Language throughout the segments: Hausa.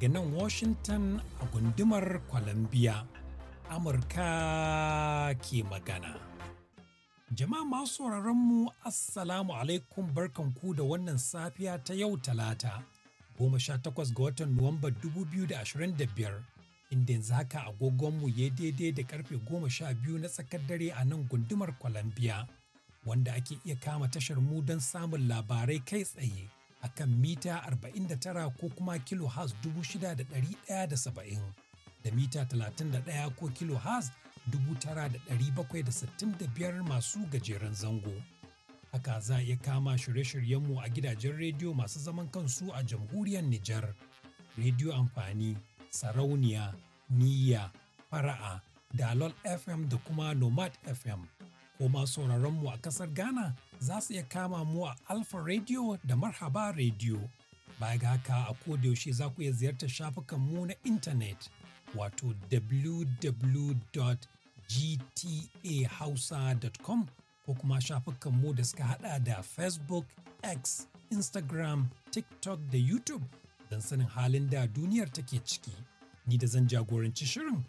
daga nan Washington a gundumar Columbia, Amurka ke magana. Jama'a masu mu Assalamu alaikum barkan ku da wannan safiya ta yau talata, goma sha takwas ga watan Nuwamba 2025, inda yanzu haka agogonmu ya daidai da karfe goma sha biyu na tsakar dare a nan gundumar Columbia, wanda ake iya kama tashar mu don samun labarai kai tsaye. a kan mita 49 ko kuma kilo has 6,170 da mita 31 ko kilo has 9,765 masu gajeren zango. Haka za iya kama shirye-shiryenmu a gidajen rediyo masu zaman kansu a jamhuriyar Nijar, rediyo amfani, sarauniya, niyya, fara'a, dalol FM da kuma nomad FM. ko sauraron mu a ƙasar Ghana za su iya kama mu a Alpha Radio da Marhaba Radio. Baya ga haka a kodayaushe za ku iya ziyartar shafukanmu na intanet wato www.gtahausa.com ko kuma shafukanmu da suka hada da Facebook, X, Instagram, TikTok da YouTube don sanin halin da duniyar take ciki. Ni da zan jagoranci shirin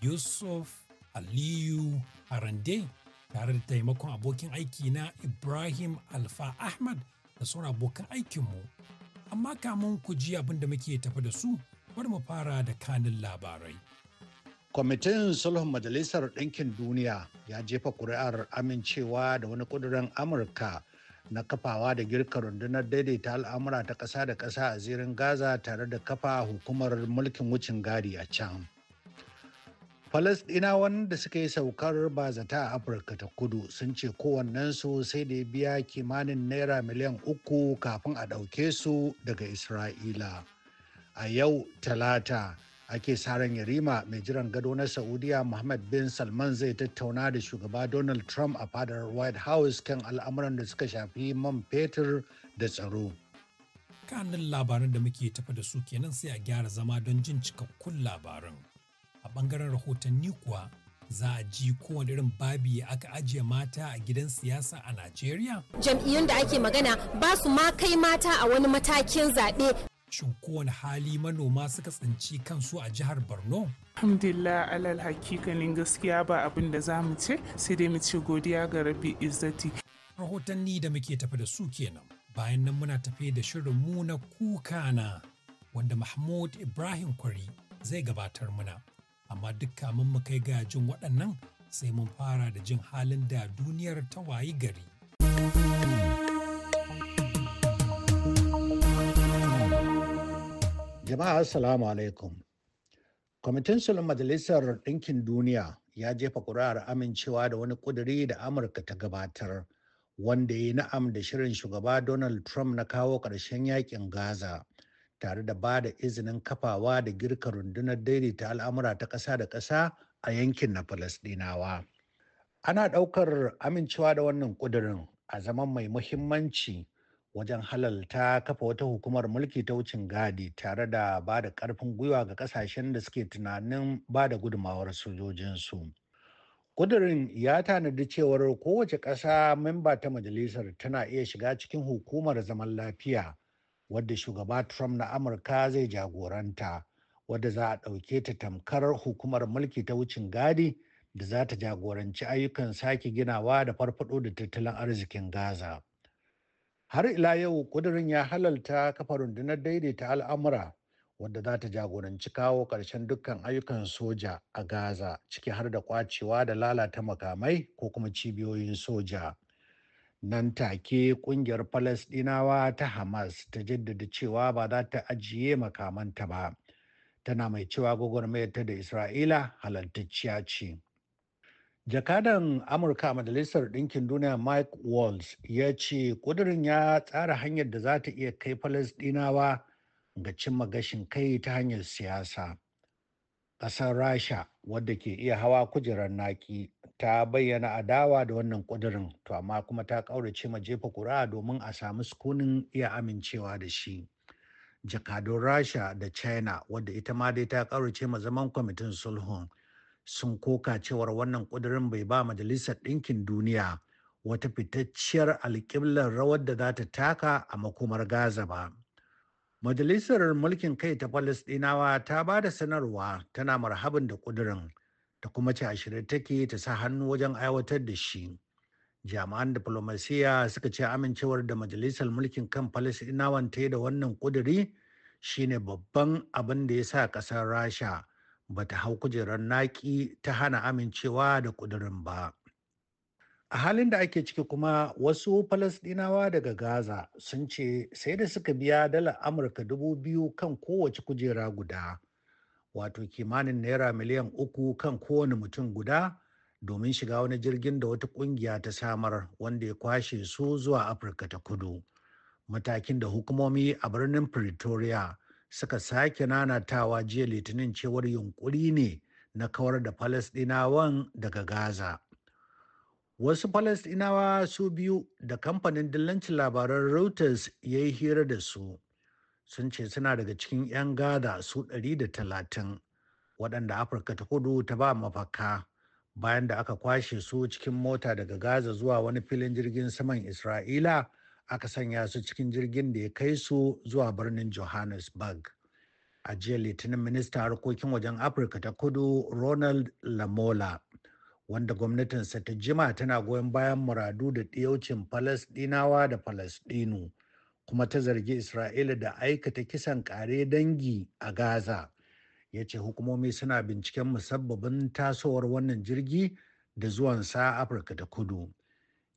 Yusuf Aliyu Arande. tare da taimakon abokin aiki na Ibrahim Alfa Ahmad da sauran abokan aikinmu. Amma kamun ku ji abin da muke tafi da su, bari mu fara da kanin labarai. Kwamitin Sulhun Majalisar Ɗinkin Duniya ya jefa ƙuri'ar amincewa da wani ƙudurin Amurka na kafawa da girka rundunar daidaita al'amura ta ƙasa da ƙasa a zirin Gaza tare da kafa hukumar mulkin wucin gadi a can. Falasɗinawan da suka yi saukar bazata a Afirka ta kudu sun ce kowannensu sai da ya biya kimanin naira miliyan uku kafin a ɗauke su daga Isra'ila. A yau talata ake saran yarima mai jiran gado na Saudiya Mohammed bin Salman zai tattauna da shugaba Donald Trump a fadar White House kan al'amuran da suka shafi man fetur da tsaro. Kanin labaran da muke tafa da su kenan sai a gyara zama don jin cikakkun labaran. a ɓangaren rahotanni kuwa za a ji kowane irin babi aka ajiye mata a gidan siyasa a Najeriya? Jam'iyyun da ake magana ba su ma kai mata a wani matakin zaɓe. Shin kowane hali manoma suka tsinci kansu a jihar Borno? Alhamdulillah alal hakikalin gaskiya ba abin da za mu ce sai dai mu ce godiya ga rabi izzati. Rahotanni da muke tafi da su kenan. Bayan nan muna tafe da shirin mu na kuka na wanda Mahmud Ibrahim Kwari zai gabatar muna. amma dukka mun mu kai ga jin waɗannan sai mun fara da jin halin da duniyar ta wayi gari. Jama'a Assalamu alaikum. Kwamitin Sulhun Majalisar Ɗinkin Duniya ya jefa ƙuri'ar amincewa da wani ƙuduri da Amurka ta gabatar wanda ya yi na'am da shirin shugaba Donald Trump na kawo ƙarshen yakin Gaza. tare da ba da izinin kafawa da girka rundunar daidaita al'amura ta ƙasa da ƙasa a yankin na Falasɗinawa. Ana ɗaukar amincewa da wannan ƙudurin a zaman mai muhimmanci wajen halalta kafa wata hukumar mulki ta wucin gadi tare da ba da ƙarfin gwiwa ga ƙasashen da suke tunanin ba da gudumawar sojojinsu. Ƙudurin ya tanadi cewar kowace ƙasa memba ta majalisar tana iya shiga cikin hukumar zaman lafiya. wadda shugaba Trump na Amurka zai jagoranta wadda za a ɗauke ta tamkar hukumar mulki ta wucin gadi da za ta jagoranci ayyukan sake ginawa da farfado da tattalin arzikin Gaza. Har ila yau ƙudurin ya halalta kafa rundunar daidaita al'amura wadda za ta jagoranci kawo ƙarshen dukkan ayyukan soja a Gaza ciki har da kwacewa da lalata makamai ko kuma cibiyoyin soja. nan take kungiyar Falasɗinawa ta Hamas ta jaddada cewa ba za ta ajiye makamanta ba. Tana mai cewa gwagwarmayarta da Isra'ila halantacciya ce. Jakadan Amurka a Majalisar Ɗinkin Duniya Mike Walls ya ce ƙudurin ya tsara hanyar da za ta iya kai Falasɗinawa ga cimma gashin kai ta hanyar siyasa. Ƙasar Rasha wadda ke iya hawa kujerar naki ta bayyana adawa da wannan ƙudurin to amma kuma ta ƙaurace ma jefa ƙuri'a domin a samu sukunin iya amincewa da shi jakadun rasha da china wadda ita ma dai ta ƙaurace ma zaman kwamitin sulhun sun koka cewar wannan ƙudurin bai ba majalisar ɗinkin duniya wata fitacciyar alƙiblar rawar da za ta taka a makomar gaza ba majalisar mulkin kai ta falasɗinawa ta ba da sanarwa tana marhabin da ƙudurin ta kuma ce a shirye take ta sa hannu wajen aiwatar da shi jami'an diplomasiya suka ce amincewar da majalisar mulkin kan falasɗinawan ta yi da wannan kuduri shine babban abin da ya sa ƙasar rasha ba ta hau kujerar naki ta hana amincewa da ƙudirin ba a halin da ake ciki kuma wasu falasɗinawa daga gaza sun ce sai da suka biya dala amurka dubu biyu kan kowace kujera guda wato kimanin naira miliyan uku kan kowane mutum guda domin shiga wani jirgin da wata kungiya ta samar wanda ya kwashe su zuwa afirka ta kudu matakin da hukumomi a birnin pretoria suka sake nanatawa jiya litinin cewar yunkuri ne na kawar da falasdinawan daga gaza wasu falasdinawa su biyu da kamfanin dillancin labaran reuters ya yi hira da su sun ce suna daga cikin 'yan gada su 130 waɗanda afirka ta kudu ta ba mafaka bayan da aka kwashe su cikin mota daga gaza zuwa wani filin jirgin saman isra'ila aka sanya su cikin jirgin da ya kai su zuwa birnin johannesburg a jiya litinin ministan harkokin wajen afirka ta kudu ronald lamola wanda gwamnatinsa ta jima tana goyon bayan muradu da ɗiyaucin falasɗinawa da falasɗinu kuma ta zargi Isra'ila da aikata kisan kare dangi a Gaza. Ya ce hukumomi suna binciken musabbabin tasowar wannan jirgi da zuwansa Afirka ta kudu.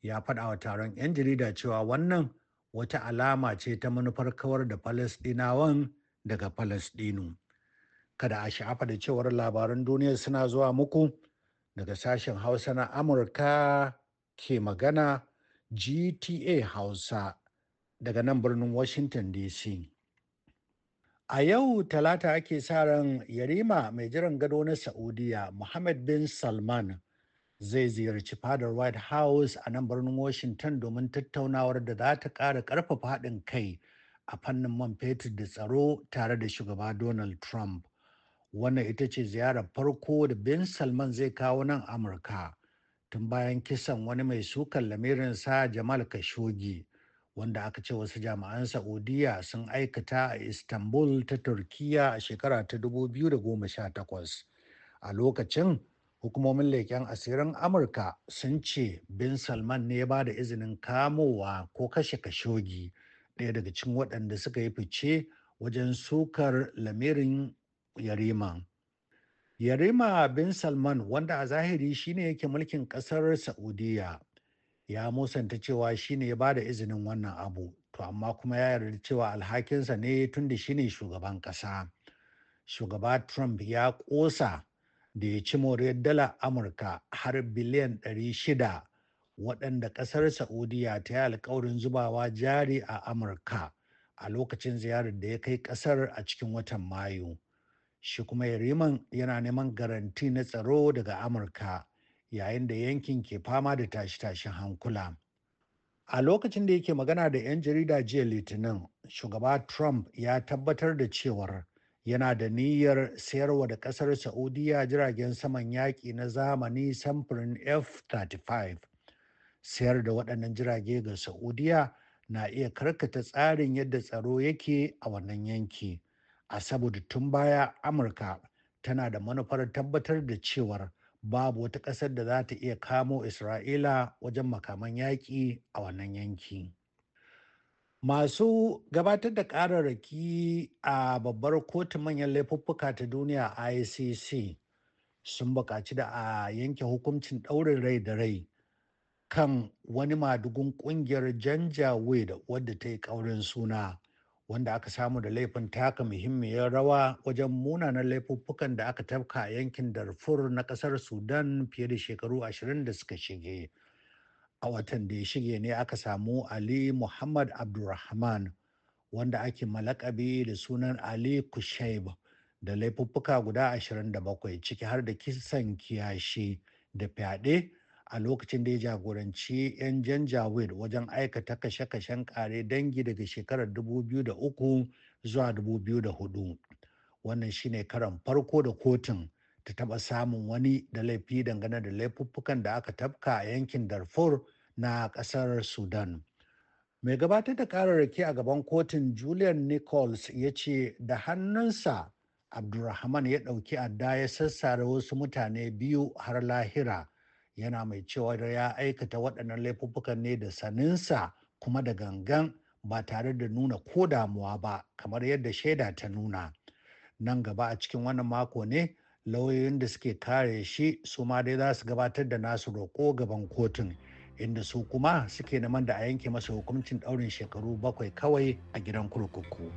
Ya faɗa wa taron 'yan jarida cewa wannan wata alama ce ta manufar kawar da Falasɗinawan daga Falasɗinu. Kada a sha'afa da cewar labaran duniya suna zuwa muku daga sashen Hausa na Amurka ke magana GTA Hausa. daga nan birnin Washington DC. A yau talata ake sa ran yarima mai jiran gado na Saudiya Mohammed bin Salman zai ziyarci fadar White House a nan birnin Washington domin tattaunawar da za ta ƙara ƙarfafa haɗin kai a fannin man fetur da tsaro tare da shugaba Donald Trump. Wannan ita ce ziyarar farko da bin Salman zai kawo nan Amurka tun bayan kisan wani mai sukan lamirinsa Jamal Khashoggi. wanda aka ce wasu jami'an Saudiya sun aikata a Istanbul ta Turkiya a shekara ta 2018. A lokacin hukumomin leƙen asirin Amurka sun ce Bin Salman ne ya ba da izinin kamowa ko kashe kashogi ɗaya daga cikin waɗanda suka yi fice wajen sukar lamirin Yarima. Yarima Bin Salman wanda a zahiri shine yake mulkin ƙasar Saudiya ya musanta cewa shine ya bada izinin wannan abu to amma kuma ya yarda cewa alhakinsa ne tun da shine shugaban kasa. shugaba trump ya kosa da ya ci moriyar dala amurka har biliyan 600 waɗanda ƙasar saudiya ta yi alkawarin zubawa jari a amurka a lokacin ziyarar da ya kai ƙasar a cikin watan mayu shi kuma yariman yana neman garanti na tsaro daga amurka yayin da yankin ke fama da tashe-tashen hankula. A lokacin da yake magana da 'yan jarida jiya Litinin, shugaba Trump ya tabbatar da cewar yana da niyyar sayarwa da kasar Saudiya jiragen saman yaƙi na zamani samfurin F-35. Sayar da waɗannan jirage ga Saudiya na iya karkata tsarin yadda tsaro yake a wannan yanki. A saboda tun baya Amurka tana da manufar tabbatar da cewar babu wata ƙasar da za ta iya kamo isra'ila wajen makaman yaƙi a wannan yanki masu gabatar da ƙararraki a babbar kotun manyan laifuffuka ta duniya icc sun buƙaci da a yanke hukuncin ɗaurin rai da rai kan wani madugun ƙungiyar janjawe da wadda ta yi ƙaurin suna wanda aka samu da laifin taka muhimmiyar rawa wajen munanan laifuffukan da aka tafka a yankin darfur na kasar sudan fiye da shekaru 20 da suka shige a watan da ya shige ne aka samu ali muhammad abdulrahman wanda ake malakabi da sunan ali kushaib da laifuffuka guda 27 ciki har da kisan kiyashi da fyaɗe a lokacin da ya jagoranci 'yan janjawid wajen aikata kashe-kashen kare dangi daga shekarar 2003 zuwa 2004 wannan shine karan farko da kotun ta taba samun wani da laifi dangane da laifuffukan da aka tafka a yankin darfur na kasar sudan mai gabatar da kararraki a gaban kotun julian nichols ya ce da hannunsa abdulrahman ya ɗauki adda ya sassare wasu mutane biyu har lahira yana mai cewa da ya aikata waɗannan laifuffukan ne da saninsa kuma da gangan ba tare da nuna ko damuwa ba kamar yadda shaida ta nuna nan gaba a cikin wannan mako ne lauyoyin da suke kare shi su ma dai za su gabatar da nasu roƙo gaban kotun inda su kuma suke neman da a yanke masa hukuncin ɗaurin shekaru bakwai kawai a gidan kurkuku.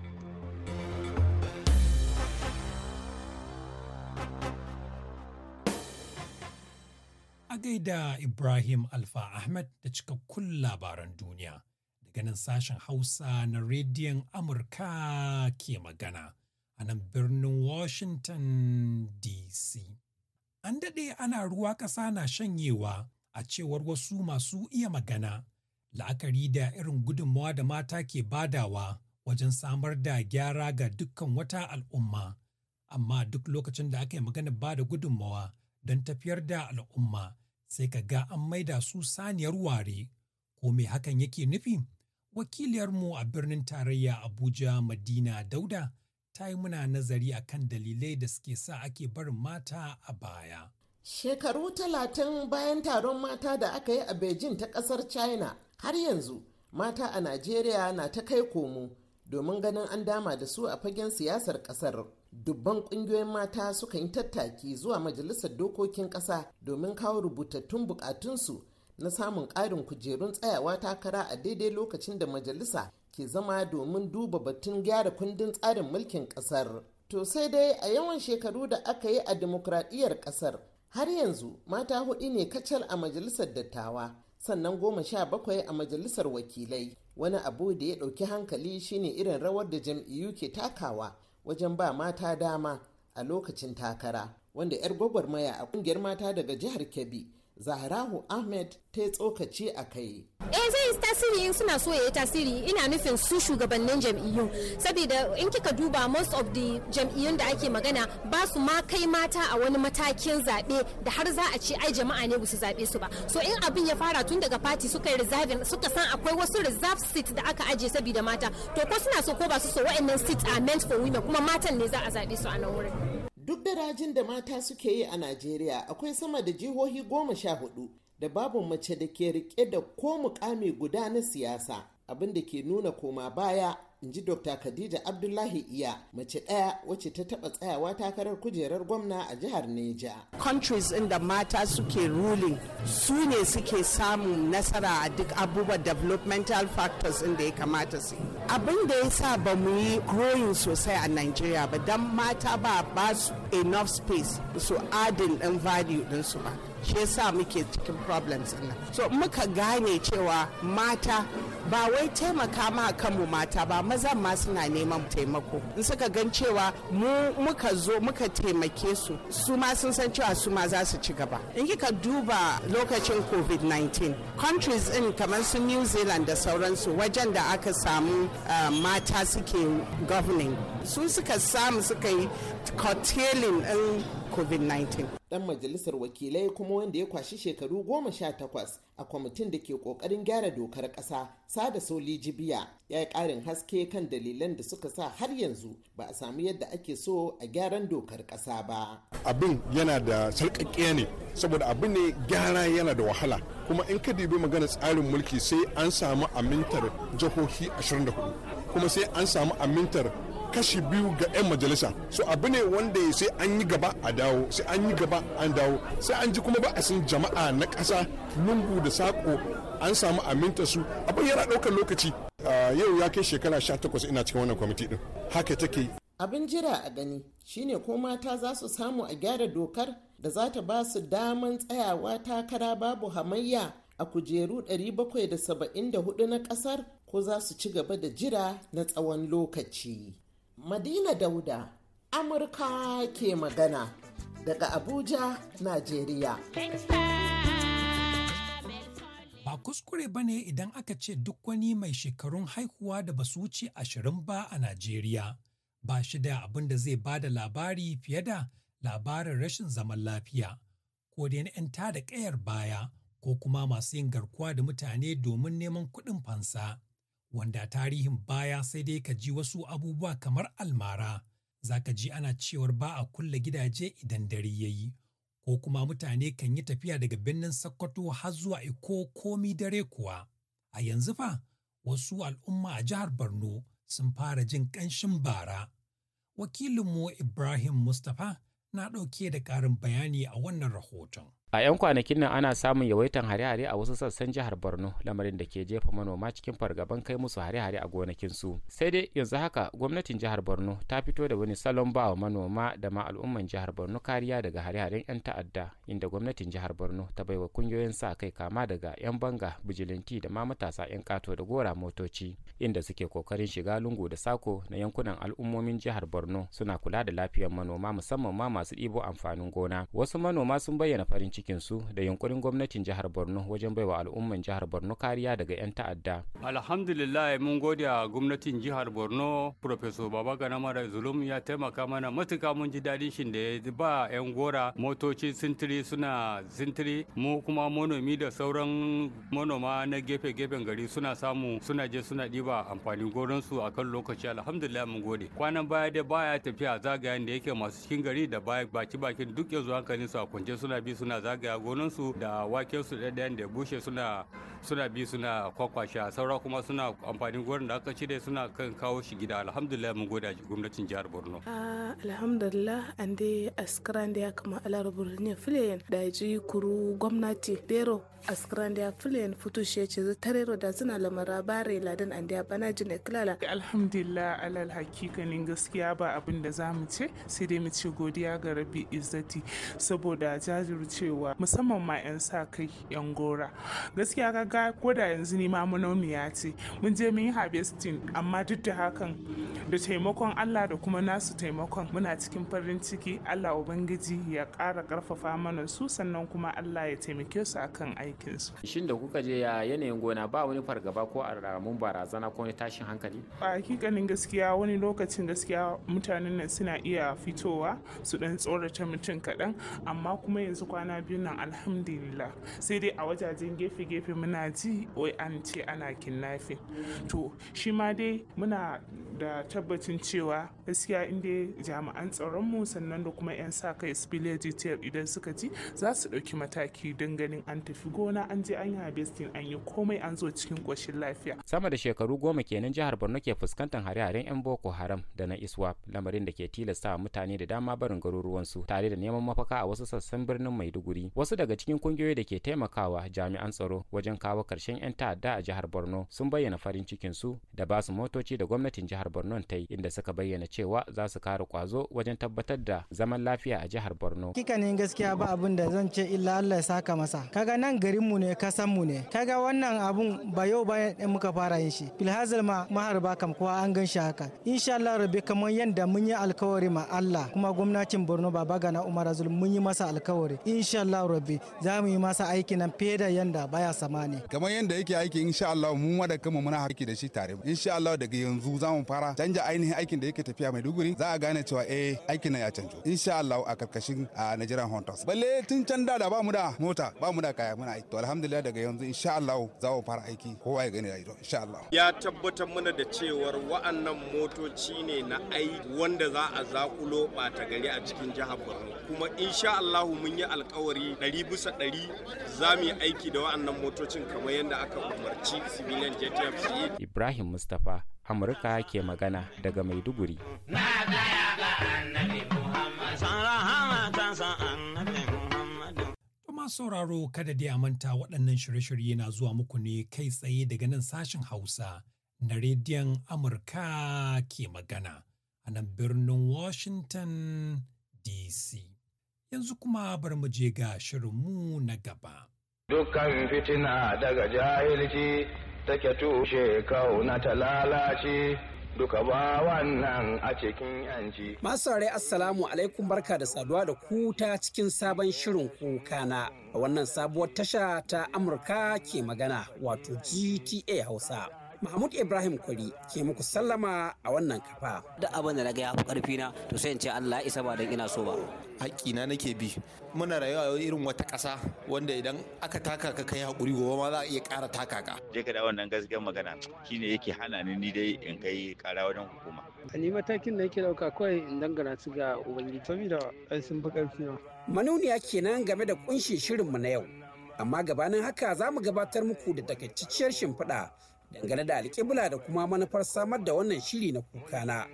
gaida Ibrahim Alfa Ahmed da cikakkun labaran duniya daga nan sashen Hausa na rediyon Amurka ke magana a nan birnin Washington DC. An daɗe ana ruwa ƙasa na shanyewa a cewar wasu masu iya magana, la'akari da irin gudunmawa da mata ke badawa wajen samar da gyara ga dukkan wata al'umma. Amma duk lokacin da aka yi magana ba da gudunmawa don tafiyar da al'umma sai ka ga an maida su saniyar ware ko me hakan yake nufi wakiliyarmu a birnin tarayya abuja madina dauda ta yi muna nazari a kan dalilai da suke sa ake barin mata a baya shekaru talatin bayan taron mata da aka yi a beijing ta kasar china har yanzu mata a najeriya na ta kai komo domin ganin an dama da su a fagen siyasar kasar dubban kungiyoyin mata suka yi tattaki zuwa majalisar dokokin ƙasa domin kawo rubutattun bukatunsu na samun ƙarin kujerun tsayawa takara a daidai lokacin da majalisa ke zama domin duba batun gyara kundin tsarin mulkin ƙasar. To sai dai a yawan shekaru da aka yi a demokradiyyar ƙasar har yanzu mata hudu ne kacal a majalisar dattawa sannan goma sha bakwai a majalisar wakilai wani abu da ya ɗauki hankali shine irin rawar da jam'iyyu ke takawa wajen ba mata dama a lokacin takara wanda 'yar gwagwarmaya a kungiyar mata daga jihar kebbi zahrahu ahmed ta tsokaci a kai eh zai yi tasiri in suna so ya yi tasiri ina nufin su shugabannin jam'iyyu saboda in kika duba most of the jam'iyyun da ake magana ba su ma kai mata a wani matakin zaɓe da har za a ce ai jama'a ne su zaɓe su ba so in abin ya fara tun daga fati suka yi suka san akwai wasu reserve seat da aka aje saboda mata to ko suna so ko ba su so wa'annan seat are meant for women kuma matan ne za a zaɓe su a nan wurin Duk da rajin da mata suke yi a Najeriya akwai sama da jihohi goma sha hudu da babu mace da ke rike da ko mukami guda na siyasa abin da ke nuna koma baya in ji Dr. Khadija Abdullahi Iya mace ɗaya wacce ta taɓa tsayawa takarar kujerar gwamna a jihar Neja. Countries inda mata suke ruling su ne suke samun nasara a duk abubuwan developmental factors inda ya kamata su. Abin da ya sa ba mu yi growing sosai a Nigeria ba don mata ba ba su enough space su adin ɗin value su ba. shi yasa muke cikin problems nan so muka gane cewa mata ba wai taimaka ma kanmu mata ba mazan ma suna neman taimako in suka gan cewa mu muka zo muka taimake su su ma sun san cewa su ma za su ci gaba in kika duba lokacin covid-19 countries in kamar su new zealand da sauransu wajen da aka samu uh, mata suke governing su suka samu suka yi curtailing covid-19 dan majalisar wakilai kuma wanda ya kwashi shekaru goma sha takwas a kwamitin da ke kokarin gyara dokar kasa sada soli jibiya ya yi karin haske kan dalilan da suka sa har yanzu ba a samu yadda ake so a gyaran dokar kasa ba abin yana da sarƙaƙƙiya ne saboda abin ne gyara yana da wahala kuma in ka dubi magana tsarin mulki sai an samu amintar jihohi 24 kuma sai an samu amintar kashi biyu ga 'yan majalisa so abu ne wanda sai an yi gaba a dawo sai an yi gaba an dawo sai an ji kuma ba a san jama'a na ƙasa lungu da saƙo an samu aminta su abin yana ɗaukar lokaci yau ya kai shekara 18 ina cikin wannan kwamiti din haka take abin jira a gani shine ko mata za su samu a gyara dokar da za ta ba su daman tsayawa takara babu hamayya a kujeru 774 na kasar ko za su ci gaba da jira na tsawon lokaci. Madina Dauda, Amurka ke magana daga Abuja, Najeriya. Ba kuskure ba ne idan aka ce duk wani mai shekarun haihuwa da basu wuce ashirin ba a Najeriya, ba shi da abin da zai ba da labari fiye da labarin rashin zaman lafiya, ko da 'yan da ƙayar baya, ko kuma masu yin garkuwa da mutane domin neman kuɗin fansa. wanda tarihin baya sai dai ka ji wasu abubuwa kamar almara za ka ji ana cewar ba a kulle gidaje idan dare ya yi ko kuma mutane kan yi tafiya daga birnin Sokoto har zuwa Iko komi dare kuwa. A yanzu fa wasu al'umma a jihar Borno sun fara jin ƙanshin bara. Wakilinmu Ibrahim Mustapha na ɗauke da ƙarin bayani a wannan rahoton. a 'yan kwanakin nan ana samun yawaitan hare-hare a wasu sassan jihar borno lamarin da ke jefa manoma cikin fargaban kai musu hare-hare a gonakinsu sai dai yanzu haka gwamnatin jihar borno ta fito da wani salon ba wa manoma da ma al'umman jihar borno kariya daga hare-haren 'yan ta'adda inda gwamnatin jihar borno ta bai wa kungiyoyin sa kai kama daga 'yan banga bijilanti da ma matasa 'yan kato da gora motoci inda suke kokarin shiga lungu da sako na yankunan al'ummomin jihar borno suna kula da lafiyar manoma musamman ma masu ɗibo amfanin gona wasu manoma sun bayyana farin ciki aikinsu da yunkurin gwamnatin jihar borno wajen baiwa al'umman jihar borno kariya daga 'yan ta'adda alhamdulillah mun gode a gwamnatin jihar borno professor gana mara zulum ya taimaka mana matuka mun ji daɗin shi da ya ba 'yan gora motoci sintiri suna sintiri mu kuma manomi da sauran manoma na gefe-gefen gari suna samu suna je suna diba amfanin su a kan lokaci alhamdulillah mun gode kwanan baya da baya tafiya zagayen da yake masu cikin gari da baki-bakin duk yanzu hankalin su a kunje suna bi suna zagaya gonansu da waken su ɗaɗɗayan da bushe suna suna bi suna kwakwashe saura kuma suna amfanin gonar da aka cire suna kan kawo shi gida alhamdulillah mun goda gwamnatin jihar borno ah, alhamdulillah an dai askiran da ya kama alar borno filayen da ji kuru gwamnati bero askiran da ya filayen fito shi ya ce tarero da suna lamara bare ladan an da bana jin kilala alhamdulillah alal hakikanin gaskiya ba abin da za mu ce sai dai mu ce godiya ga rabi izzati saboda jajircewa cewa musamman ma 'yan sa kai 'yan gora gaskiya kaga ko da yanzu ni ma manomiya ce mun je mun yi harvesting amma duk da hakan da taimakon Allah da kuma nasu taimakon muna cikin farin ciki Allah ubangiji ya ƙara karfafa mana su sannan kuma Allah ya taimake su akan aikin su shin da kuka je ya yanayin gona ba wani fargaba ko alamun barazana ko tashin hankali a hakikanin gaskiya wani lokacin gaskiya mutanen nan suna iya fitowa su dan tsorata mutum kaɗan amma kuma yanzu kwana biyun nan alhamdulillah sai dai a wajajen gefe-gefe muna ji wai an ce ana kidnapping to shi ma dai muna da tabbacin cewa gaskiya inda jami'an tsaron mu sannan da kuma 'yan sa kai spiller detail idan suka ji za su ɗauki mataki don ganin an tafi gona an je an yi harvesting an yi komai an zo cikin ƙoshin lafiya. sama da shekaru goma kenan jihar borno ke fuskantar hare-haren 'yan boko haram da na iswap lamarin da ke tilasta mutane da dama barin garuruwansu tare da neman mafaka a wasu sassan birnin maiduguri wuri wasu daga cikin kungiyoyi da ke taimakawa jami'an tsaro wajen kawo karshen 'yan ta'adda a jihar borno sun bayyana farin cikin su da ba su motoci da gwamnatin jihar borno ta yi inda suka bayyana cewa za su kare kwazo wajen tabbatar da zaman lafiya a jihar borno kika kikanin gaskiya ba abin da zan ce illa allah ya saka masa kaga nan garinmu ne kasanmu ne kaga wannan abun ba yau ba muka fara yin shi filhazal ma maharba kam kowa an gan shi haka insha allah rabi kamar yadda mun yi alkawari ma allah kuma gwamnatin borno baba gana umar azul mun yi masa alkawari insha Allah rabbi za mu yi masa aiki nan fiye da yanda baya samani kamar yanda yake aiki insha Allah mu ma da kanmu muna harki da shi tare insha Allah daga yanzu za mu fara canja ainihin aikin da yake tafiya mai duguri za a gane cewa eh aikin nan ya canjo insha Allah a karkashin a Nigerian Hunters balle tun can da da ba mu da mota ba mu da kaya muna aiki to alhamdulillah daga yanzu insha Allah za mu fara aiki kowa ya gani rayuwa insha Allah ya tabbatar mana da cewar wa'annan motoci ne na ai wanda za a zakulo ta gari a cikin jihar Borno kuma insha Allah mun yi alƙawari al'amari ɗari bisa ɗari za mu yi aiki da wa'annan motocin kamar yadda aka umarci civilian jtf ibrahim mustapha amurka ke magana daga maiduguri sauraro kada dai a manta waɗannan shirye-shirye na zuwa muku ne kai tsaye daga nan sashen hausa na rediyon amurka ke magana a nan birnin washington dc yanzu kuma bar mu je ga shirinmu na gaba. Dukkan fitina daga jahilci take tushe kauna ta lalace duka ba wannan a cikin yanci. Masu rai assalamu alaikum barka da saduwa da ku ta cikin sabon shirin kuka na wannan sabuwar tasha ta Amurka ke magana wato GTA Hausa. Mahmud Ibrahim Kwari ke muku sallama a wannan kafa. Da abin da na ga ya fi ƙarfi na to sai in ce Allah ya isa ba dan ina so ba. Haƙƙina nake bi. Muna rayuwa irin wata ƙasa wanda idan aka taka ka kai haƙuri gobe ma za a iya ƙara taka ka. Je ka da wannan gaskiyar magana shine yake hana ni ni dai in kai ƙara wajen hukuma. Ni matakin da yake ɗauka kawai in dangana su ga Ubangiji. Saboda ai sun fi ƙarfi na. Manuniya kenan game da ƙunshin shirinmu na yau. Amma gabanin haka za mu gabatar muku da takaicciyar shimfiɗa dangane da alƙibla da kuma manufar samar da wannan shiri na kukana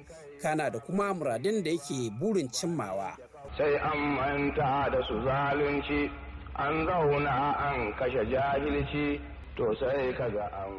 kana da kuma muradin da yake burin cimmawa sai an manta da su zalunci an zauna an kashe jahilci to sai ga an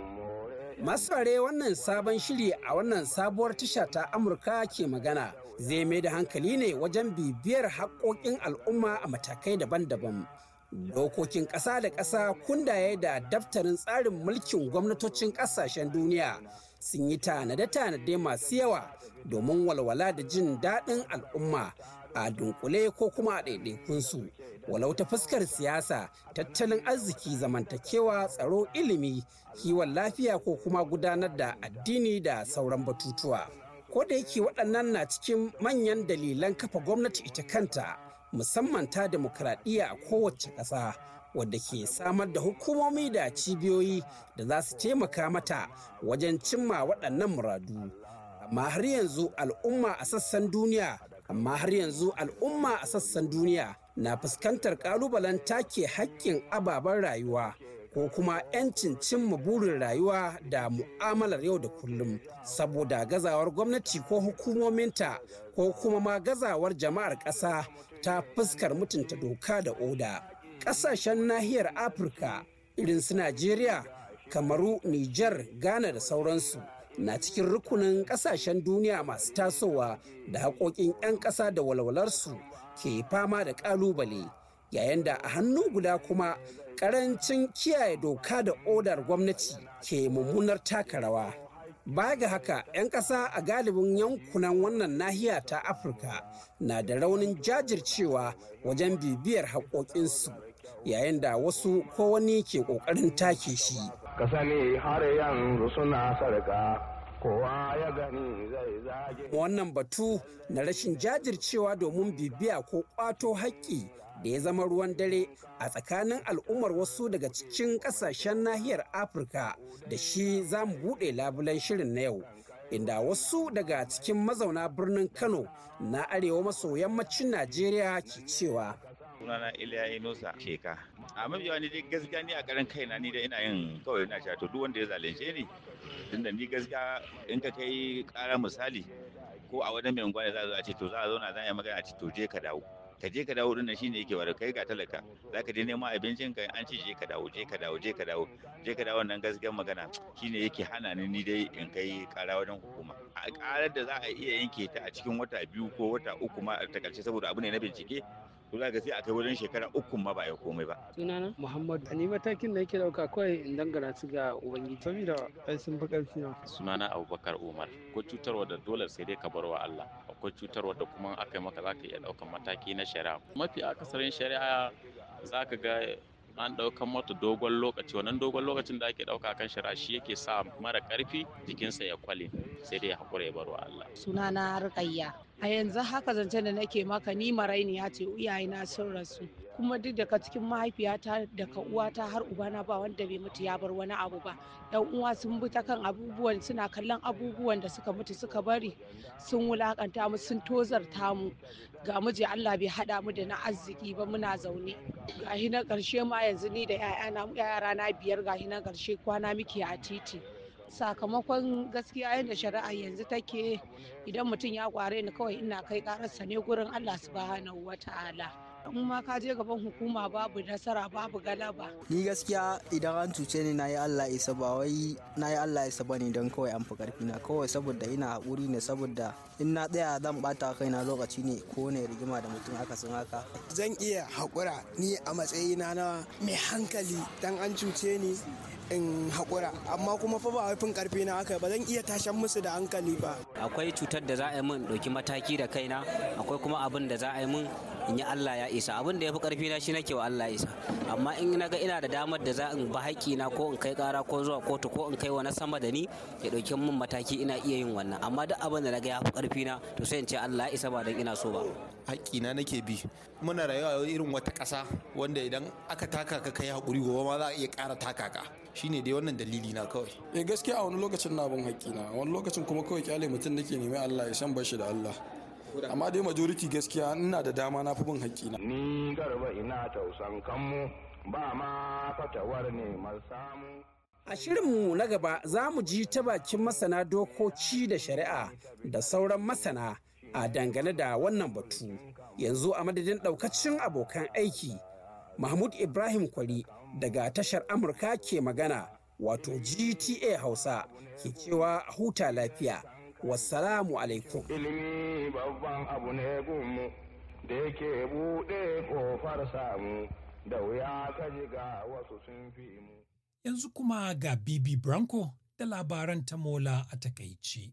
masare wannan sabon shiri a wannan sabuwar tasha ta amurka ke magana zai mai da hankali ne wajen bibiyar haƙƙoƙin al'umma a matakai daban-daban dokokin ƙasa da ƙasa kundaye da daftarin tsarin mulkin gwamnatocin ƙasashen duniya sun yi tanade-tanade masu yawa domin walwala da jin daɗin al'umma a dunkule ko kuma a ɗaiɗaikunsu walau ta fuskar siyasa tattalin arziki zamantakewa tsaro ilimi kiwon lafiya ko kuma gudanar da addini da sauran batutuwa ko da yake waɗannan na cikin manyan dalilan kafa gwamnati ita kanta musamman ta demokradiyya a kowace ƙasa wadda ke samar da hukumomi da cibiyoyi da za su taimaka mata wajen cimma waɗannan muradu amma har yanzu al'umma a sassan duniya amma har yanzu al'umma a sassan duniya na fuskantar ƙalubalen take haƙƙin ababen rayuwa ko kuma 'yancin cimma burin rayuwa da mu'amalar yau da kullum saboda gazawar gwamnati ko hukumominta ko kuma ma gazawar jama'ar ƙasa ta fuskar mutunta doka da oda kasashen nahiyar afirka irin su najeriya kamaru nijar ghana da sauransu na cikin rukunin kasashen duniya masu tasowa da haƙoƙin 'yan ƙasa da walwalarsu ke fama da ƙalubale yayin da a hannu guda kuma ƙarancin kiyaye doka da odar gwamnati ke mummunar taka rawa. Ba ga haka, 'yan ƙasa a galibin yankunan wannan nahiya ta Afirka na da raunin jajircewa wajen bibiyar haƙoƙinsu yayin da wasu ko wani ke ƙoƙarin take shi. Wannan batu na rashin jajircewa domin bibiya ko ƙwato haƙƙi da ya zama ruwan dare a tsakanin al'ummar wasu daga cikin kasashen nahiyar afirka da shi za mu buɗe labulen shirin na yau inda wasu daga cikin mazauna birnin kano na arewa maso yammacin najeriya ke cewa sunana Iliya Inusa Sheka. A mafi yawa ni dai gaskiya ni a karan kaina ni da ina yin kawai ina cewa to duk wanda ya zalunce ni tunda ni gaskiya in ka kai ƙara misali ko a wani mai unguwa ne za a zo a ce to za a zauna za a yi magana a ce to je ka dawo. ka je ka dawo nan shine yake wada kai ga talaka zaka je neman abincin ka an ci je ka dawo je ka dawo je ka dawo je ka dawo nan gaskiyar magana shine yake hana ni ni dai in kai kara wajen hukuma a karar da za a iya yanke ta a cikin wata biyu ko wata uku ma a takalce saboda abu ne na bincike ko za ka sai a kai wajen shekara uku ma ba ya komai ba sunana muhammadu ni matakin da yake dauka kawai in dangana su ga ubangiji saboda ai sun fi karfi na sunana abubakar umar ko cutarwa da dole sai dai ka bar wa Allah akwai cutarwa da kuma aka maka za ka iya ɗaukan mataki na shari'a mafi akasarin shari'a za ka ga an ɗaukan mata dogon lokaci wannan dogon lokacin da ake ɗauka kan shari'a shi yake sa mara ƙarfi jikinsa ya kwale sai dai hakura ya wa Allah sunana Rukayya a yanzu haka zance da nake maka ni marainiya ce iyayena sun rasu kuma duk daga cikin mahaifiyata daga uwata har ubana ba wanda bai mutu ya bar wani abu ba yan uwa sun bi ta kan abubuwan suna kallon abubuwan da suka mutu suka bari sun wulakanta mu sun tozarta mu ga miji Allah bai haɗa mu da na arziki ba muna zaune gahi na karshe ma yanzu ni da 'ya'yana yara na biyar gahi na karshe kwana miki a titi sakamakon gaskiya yadda shari'a yanzu take idan mutum ya kware ni kawai ina kai kararsa ne gurin Allah subhanahu wa ta'ala. in ma ka je gaban hukuma babu nasara babu galaba. Ni gaskiya idan an cuce ni na yi Allah isa ba wai na yi Allah isa bane don kawai an fi karfi na kawai saboda ina haƙuri ne saboda in na tsaya zan bata kai na lokaci ne ko ne rigima da mutum aka sun haka. Zan iya hakura ni a matsayina na mai hankali dan an cuce ni in haƙura amma kuma fa ba haifin karfi na aka ba zan iya tashan musu da hankali ba akwai cutar da za a yi min ɗauki mataki da kaina akwai kuma abin da za a yi mun? in yi Allah ya isa abin da ya fi karfi na shi nake wa Allah ya isa amma in na ga ina da damar da za in ba haƙi na ko in kai ƙara ko zuwa kotu ko in kai wani sama da ni ya ɗauki min mataki ina iya yin wannan amma duk abin da na ga ya fi karfi na to sai in ce Allah ya isa ba dan ina so ba haƙi na nake bi muna rayuwa irin wata ƙasa wanda idan aka taka ka kai haƙuri gobe ma za a iya ƙara taka ka shine dai wannan dalili na kawai eh gaskiya a wani lokacin na bin haƙi na wani lokacin kuma kawai kyale mutum nake nemi Allah ya san bashi da Allah amma dai majority gaskiya ina da dama na fi bin na. ni garba ina tausan kanmu ba ma fatawar ne samu A shirinmu na gaba za mu ji ta bakin masana dokoki da shari'a da sauran masana a dangane da wannan batu. Yanzu a madadin daukacin abokan aiki, Mahmud Ibrahim Kwari daga tashar Amurka ke magana wato GTA Hausa ke cewa huta lafiya. wassalamu alaikum ilimi babban abu ne gunmu da yake buɗe ƙofar samu da wuya ka ji ga wasu sun fi mu yanzu kuma ga bibi branko da labaran tamola a takaici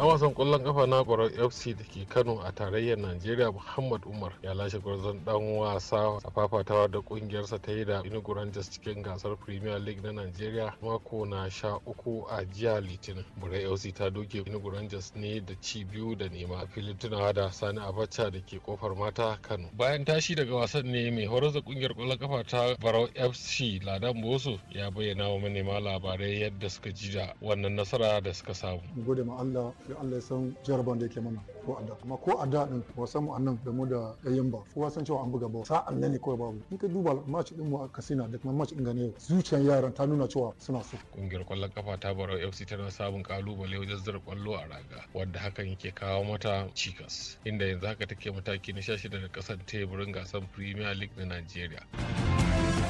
a wasan kwallon kafa na kwarar fc da ke kano a tarayyar najeriya muhammad umar ya lashe gwarzon dan wasa a fafatawa da kungiyarsa ta yi da inugu rangers cikin gasar premier league na najeriya mako na sha uku a jiya litinin burai fc ta doke inugu rangers ne da ci biyu da nema filin tunawa da sani abacha da ke kofar mata kano bayan tashi daga wasan ne mai horar da kungiyar kwallon kafa ta barau fc ladan boso ya bayyana wa manema labarai yadda suka ji da wannan nasara da suka samu sai Allah ya san jaraban da yake mana ko a da amma ko a da din ba san mu annan da mu da yayin ba kowa san cewa an buga ba sa'an nan ne kawai babu in ka duba match din mu a kasina da kuma match din ga ne zuciyar yaran ta nuna cewa suna so kungiyar kwallon kafa ta Barau FC tana sabon kalubale wajen zura kwallo a raga wanda hakan yake kawo mata cikas inda yanzu haka take mataki na 16 da kasan teburin gasar Premier League na Najeriya.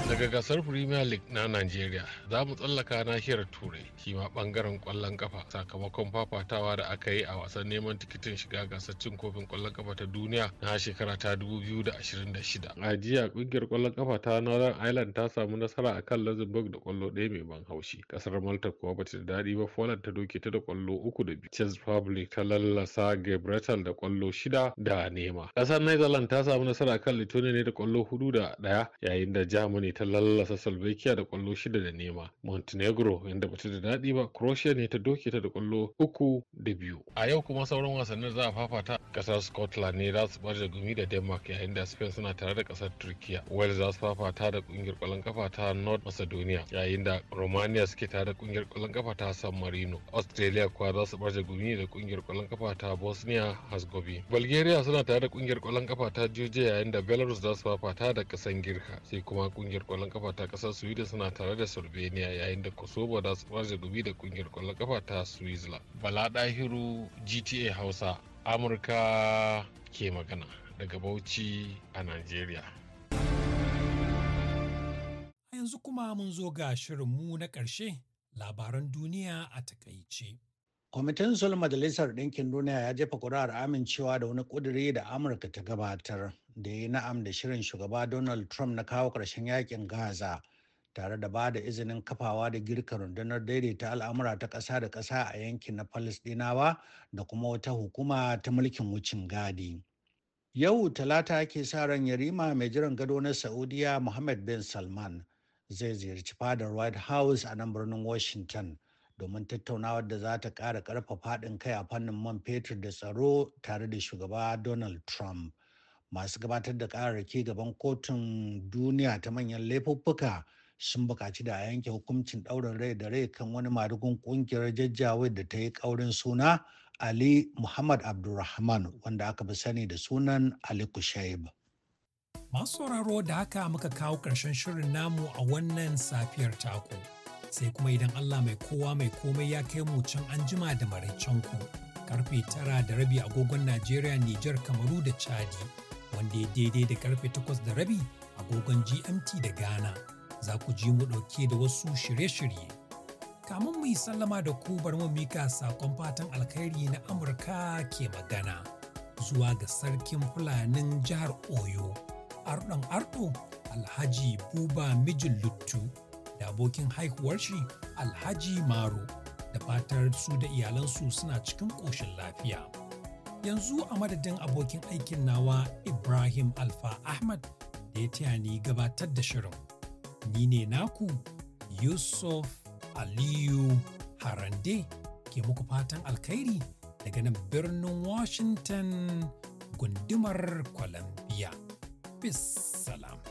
daga gasar premier league na nigeria za mu tsallaka nahiyar turai shi ma bangaren kwallon kafa sakamakon fafatawa da aka yi a wasan neman tikitin shiga gasar cin kofin kwallon kafa ta duniya na shekara ta 2026 a jiya kungiyar kwallon kafa ta northern ireland ta samu nasara a kan luxembourg da kwallo ɗaya mai ban haushi kasar malta kuwa bata da daɗi ba poland ta doke ta da kwallo uku da biyu czech republic ta lallasa gabriel da kwallo shida da nema kasar netherlands ta samu nasara a kan lithuania ne da kwallo hudu da ɗaya yayin da germany ne ta lallasa slovakia da kwallo shida da nema montenegro inda bata da daɗi ba croatia ne ta doke ta da kwallo uku da biyu a yau kuma sauran wasannin za a fafata kasar scotland ne za su da gumi da denmark yayin da spain suna tare da kasar turkiya wales za su fafata da kungiyar kwallon kafa ta north macedonia yayin da romania suke tare da kungiyar kwallon kafa ta san marino australia kuwa za su da gumi da kungiyar kwallon kafa ta bosnia herzegovina bulgaria suna tare da kungiyar kwallon kafa ta georgia yayin da belarus za su fafata da ƙasar girka sai kuma kungiyar kungiyar kwallon kafa ta kasar sweden suna tare da slovenia yayin da kosovo da su da gumi da kungiyar kwallon kafa ta switzerland bala dahiru gta hausa amurka ke magana daga bauchi a nigeria a yanzu kuma mun zo ga shirinmu na ƙarshe labaran duniya a takaice. kwamitin sulh majalisar ɗinkin duniya ya jefa ƙuri'ar amincewa da wani ƙuduri da amurka ta gabatar da ya na'am da shirin shugaba donald trump na kawo ƙarshen yakin gaza tare da ba da izinin kafawa da girka rundunar daidaita al'amura ta ƙasa da ƙasa a yankin na palestinawa da kuma wata hukuma ta mulkin wucin gadi. Yau talata ke sa ran yarima mai jiran gado na Saudiya Mohammed bin Salman zai ziyarci fadar White House a nan birnin Washington domin tattaunawar da za ta ƙara ƙarfafa haɗin kai a fannin man fetur da tsaro tare da shugaba Donald Trump. Masu gabatar da ƙararraki gaban kotun duniya ta manyan laifuffuka sun buƙaci da a yanke hukuncin ɗaurin rai da rai kan wani madugun ƙungiyar jajjawa da ta yi ƙaurin suna Ali Muhammad Abdulrahman wanda aka fi sani da sunan Ali Kushaib. Masu sauraro da haka muka kawo ƙarshen shirin namu a wannan safiyar taku. sai kuma idan Allah mai kowa mai komai ya kai mu can an da maraicen ku karfe tara da rabi agogon Najeriya, Nijar, Kamaru da Chadi wanda ya daidai da karfe takwas da rabi agogon GMT da Ghana za ku ji mu ɗauke da wasu shirye-shirye. Kamun mu sallama da ku bar mu mika saƙon fatan alkhairi na Amurka ke magana zuwa ga sarkin Fulanin jihar Oyo, Arɗon Arɗo Alhaji Buba Mijin Luttu. da abokin haihuwar shi Alhaji Maro da fatar su da iyalansu suna cikin ƙoshin lafiya. Yanzu a madadin abokin aikin nawa Ibrahim Alfa Ahmad da ya taya ni gabatar da shirin. Ni ne naku Yusuf Aliyu Harande ke muku fatan alkhairi daga nan birnin Washington gundumar Columbia. Bis salam.